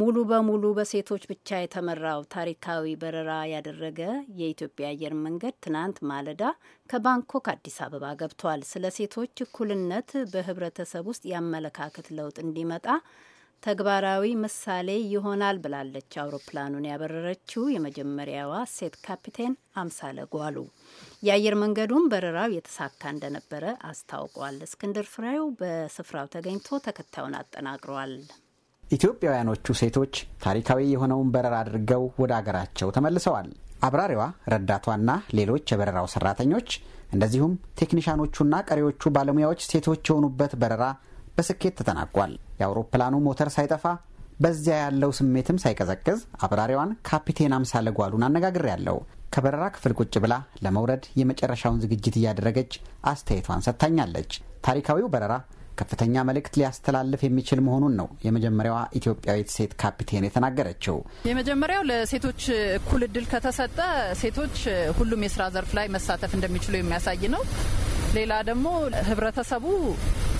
ሙሉ በሙሉ በሴቶች ብቻ የተመራው ታሪካዊ በረራ ያደረገ የኢትዮጵያ አየር መንገድ ትናንት ማለዳ ከባንኮክ አዲስ አበባ ገብቷል። ስለ ሴቶች እኩልነት በህብረተሰብ ውስጥ የአመለካከት ለውጥ እንዲመጣ ተግባራዊ ምሳሌ ይሆናል ብላለች። አውሮፕላኑን ያበረረችው የመጀመሪያዋ ሴት ካፒቴን አምሳለ ጓሉ። የአየር መንገዱም በረራው የተሳካ እንደነበረ አስታውቋል። እስክንድር ፍሬው በስፍራው ተገኝቶ ተከታዩን አጠናቅሯል። ኢትዮጵያውያኖቹ ሴቶች ታሪካዊ የሆነውን በረራ አድርገው ወደ አገራቸው ተመልሰዋል። አብራሪዋ ረዳቷና ሌሎች የበረራው ሰራተኞች እንደዚሁም ቴክኒሻኖቹና ቀሪዎቹ ባለሙያዎች ሴቶች የሆኑበት በረራ በስኬት ተጠናቋል። የአውሮፕላኑ ሞተር ሳይጠፋ በዚያ ያለው ስሜትም ሳይቀዘቅዝ አብራሪዋን ካፒቴን አምሳለ ጓሉን አነጋግሬያለሁ። ከበረራ ክፍል ቁጭ ብላ ለመውረድ የመጨረሻውን ዝግጅት እያደረገች አስተያየቷን ሰጥታኛለች። ታሪካዊው በረራ ከፍተኛ መልእክት ሊያስተላልፍ የሚችል መሆኑን ነው የመጀመሪያዋ ኢትዮጵያዊት ሴት ካፒቴን የተናገረችው። የመጀመሪያው ለሴቶች እኩል እድል ከተሰጠ ሴቶች ሁሉም የስራ ዘርፍ ላይ መሳተፍ እንደሚችሉ የሚያሳይ ነው። ሌላ ደግሞ ህብረተሰቡ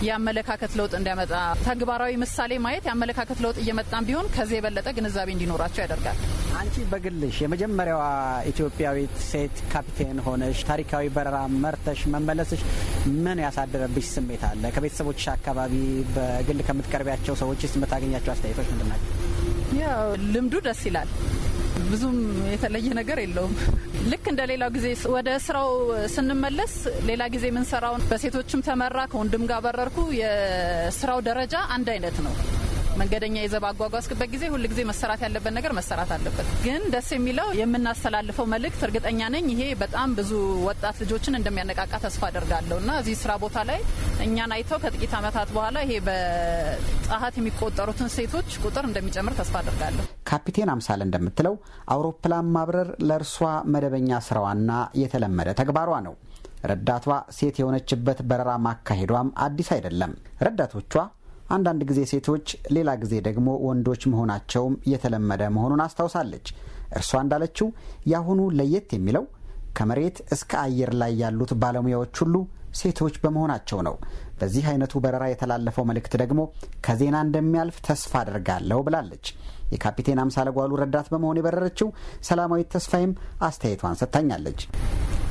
የአመለካከት ለውጥ እንዲያመጣ ተግባራዊ ምሳሌ ማየት የአመለካከት ለውጥ እየመጣም ቢሆን ከዚህ የበለጠ ግንዛቤ እንዲኖራቸው ያደርጋል። አንቺ በግልሽ የመጀመሪያዋ ኢትዮጵያዊት ሴት ካፒቴን ሆነሽ ታሪካዊ በረራ መርተሽ መመለስሽ ምን ያሳደረብሽ ስሜት አለ? ከቤተሰቦች አካባቢ፣ በግል ከምትቀርቢያቸው ሰዎች የምታገኛቸው አስተያየቶች ምንድን ናቸው? ያው ልምዱ ደስ ይላል ብዙም የተለየ ነገር የለውም። ልክ እንደ ሌላው ጊዜ ወደ ስራው ስንመለስ፣ ሌላ ጊዜ የምንሰራውን በሴቶችም ተመራ ከወንድም ጋር በረርኩ የስራው ደረጃ አንድ አይነት ነው። መንገደኛ ይዘህ ባጓጓዝክበት ጊዜ ሁል ጊዜ መሰራት ያለበት ነገር መሰራት አለበት። ግን ደስ የሚለው የምናስተላልፈው መልእክት እርግጠኛ ነኝ ይሄ በጣም ብዙ ወጣት ልጆችን እንደሚያነቃቃ ተስፋ አደርጋለሁ እና እዚህ ስራ ቦታ ላይ እኛን አይተው ከጥቂት ዓመታት በኋላ ይሄ በጣሀት የሚቆጠሩትን ሴቶች ቁጥር እንደሚጨምር ተስፋ አደርጋለሁ። ካፒቴን አምሳል እንደምትለው አውሮፕላን ማብረር ለእርሷ መደበኛ ስራዋና የተለመደ ተግባሯ ነው። ረዳቷ ሴት የሆነችበት በረራ ማካሄዷም አዲስ አይደለም። ረዳቶቿ አንዳንድ ጊዜ ሴቶች፣ ሌላ ጊዜ ደግሞ ወንዶች መሆናቸውም የተለመደ መሆኑን አስታውሳለች። እርሷ እንዳለችው የአሁኑ ለየት የሚለው ከመሬት እስከ አየር ላይ ያሉት ባለሙያዎች ሁሉ ሴቶች በመሆናቸው ነው። በዚህ አይነቱ በረራ የተላለፈው መልእክት ደግሞ ከዜና እንደሚያልፍ ተስፋ አድርጋለሁ ብላለች። የካፒቴን አምሳለ ጓሉ ረዳት በመሆን የበረረችው ሰላማዊት ተስፋይም አስተያየቷን ሰጥታኛለች።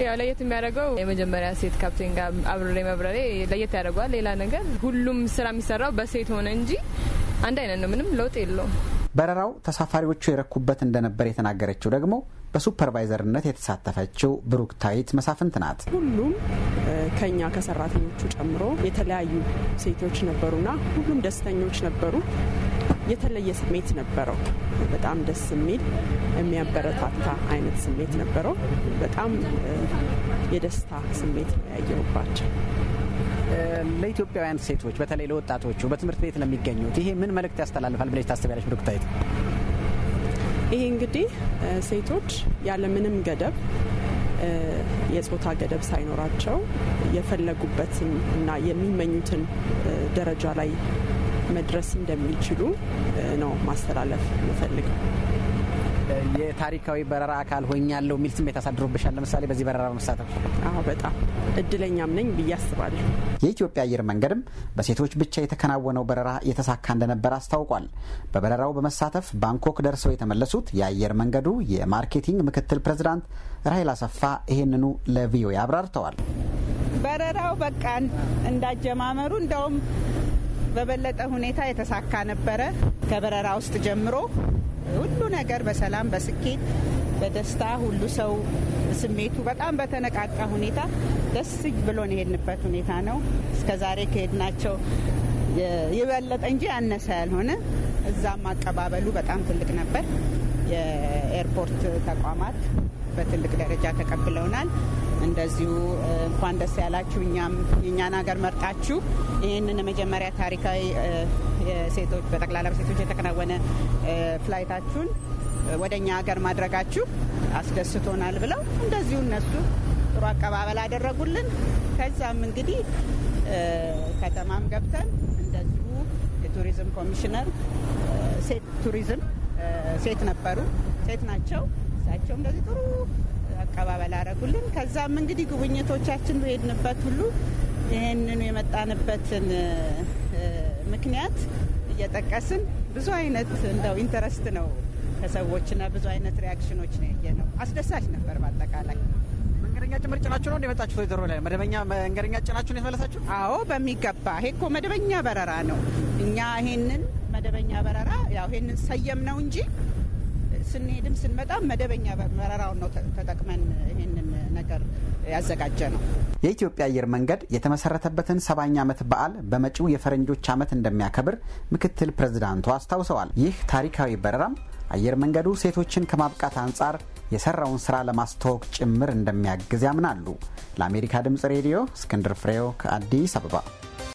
ያው ለየት የሚያደርገው የመጀመሪያ ሴት ካፕቴን ጋር አብሬ መብረሬ ለየት ያደርገዋል። ሌላ ነገር ሁሉም ስራ የሚሰራው በሴት ሆነ እንጂ አንድ አይነት ነው። ምንም ለውጥ የለውም። በረራው ተሳፋሪዎቹ የረኩበት እንደነበር የተናገረችው ደግሞ በሱፐርቫይዘርነት የተሳተፈችው ብሩክታይት መሳፍንት ናት። ሁሉም ከኛ ከሰራተኞቹ ጨምሮ የተለያዩ ሴቶች ነበሩና ሁሉም ደስተኞች ነበሩ። የተለየ ስሜት ነበረው። በጣም ደስ የሚል የሚያበረታታ አይነት ስሜት ነበረው። በጣም የደስታ ስሜት ነው ያየሁባቸው። ለኢትዮጵያውያን ሴቶች በተለይ ለወጣቶቹ በትምህርት ቤት ለሚገኙት ይሄ ምን መልእክት ያስተላልፋል ብለሽ ታስቢያለሽ? ብሩክታዊት፣ ይሄ እንግዲህ ሴቶች ያለምንም ገደብ የጾታ ገደብ ሳይኖራቸው የፈለጉበትን እና የሚመኙትን ደረጃ ላይ መድረስ እንደሚችሉ ነው ማስተላለፍ የምፈልገው። የታሪካዊ በረራ አካል ሆኛለሁ የሚል ስሜት አሳድሮብሻል? ለምሳሌ በዚህ በረራ መሳተፍ? አዎ በጣም እድለኛም ነኝ ብዬ አስባለሁ። የኢትዮጵያ አየር መንገድም በሴቶች ብቻ የተከናወነው በረራ የተሳካ እንደነበር አስታውቋል። በበረራው በመሳተፍ ባንኮክ ደርሰው የተመለሱት የአየር መንገዱ የማርኬቲንግ ምክትል ፕሬዝዳንት ራሄል አሰፋ ይህንኑ ለቪኦኤ አብራርተዋል። በረራው በቃ እንዳጀማመሩ እንደውም በበለጠ ሁኔታ የተሳካ ነበረ። ከበረራ ውስጥ ጀምሮ ሁሉ ነገር በሰላም በስኬት በደስታ ሁሉ ሰው ስሜቱ በጣም በተነቃቃ ሁኔታ ደስ ብሎን የሄድንበት ሁኔታ ነው። እስከዛሬ ከሄድናቸው የበለጠ እንጂ ያነሰ ያልሆነ እዛም አቀባበሉ በጣም ትልቅ ነበር። የኤርፖርት ተቋማት በትልቅ ደረጃ ተቀብለውናል። እንደዚሁ እንኳን ደስ ያላችሁ እኛም የእኛን ሀገር መርጣችሁ ይህንን የመጀመሪያ ታሪካዊ ሴቶች በጠቅላላ በሴቶች የተከናወነ ፍላይታችሁን ወደ እኛ ሀገር ማድረጋችሁ አስደስቶናል ብለው እንደዚሁ እነሱ ጥሩ አቀባበል አደረጉልን። ከዛም እንግዲህ ከተማም ገብተን እንደዚሁ የቱሪዝም ኮሚሽነር ሴት ቱሪዝም ሴት ነበሩ፣ ሴት ናቸው። እሳቸው እንደዚህ ጥሩ አቀባበል አረጉልን። ከዛም እንግዲህ ጉብኝቶቻችን በሄድንበት ሁሉ ይህንኑ የመጣንበትን ምክንያት እየጠቀስን ብዙ አይነት እንደው ኢንተረስት ነው ከሰዎችና ብዙ አይነት ሪያክሽኖች ነው ያየ ነው። አስደሳች ነበር በአጠቃላይ። መንገደኛ ጭምር ጭናችሁ ነው እንደመጣችሁ? ወይዘሮ ላይ መደበኛ መንገደኛ ጭናችሁ ነው የተመለሳችሁ? አዎ በሚገባ። ይሄ እኮ መደበኛ በረራ ነው። እኛ ይሄንን መደበኛ በረራ ያው ይሄንን ሰየም ነው እንጂ ስንሄድም ስንመጣም መደበኛ በረራውን ነው ተጠቅ ያዘጋጀ ነው። የኢትዮጵያ አየር መንገድ የተመሰረተበትን ሰባኛ ዓመት በዓል በመጪው የፈረንጆች ዓመት እንደሚያከብር ምክትል ፕሬዝዳንቱ አስታውሰዋል። ይህ ታሪካዊ በረራም አየር መንገዱ ሴቶችን ከማብቃት አንጻር የሰራውን ስራ ለማስተዋወቅ ጭምር እንደሚያግዝ ያምናሉ። ለአሜሪካ ድምፅ ሬዲዮ እስክንድር ፍሬው ከአዲስ አበባ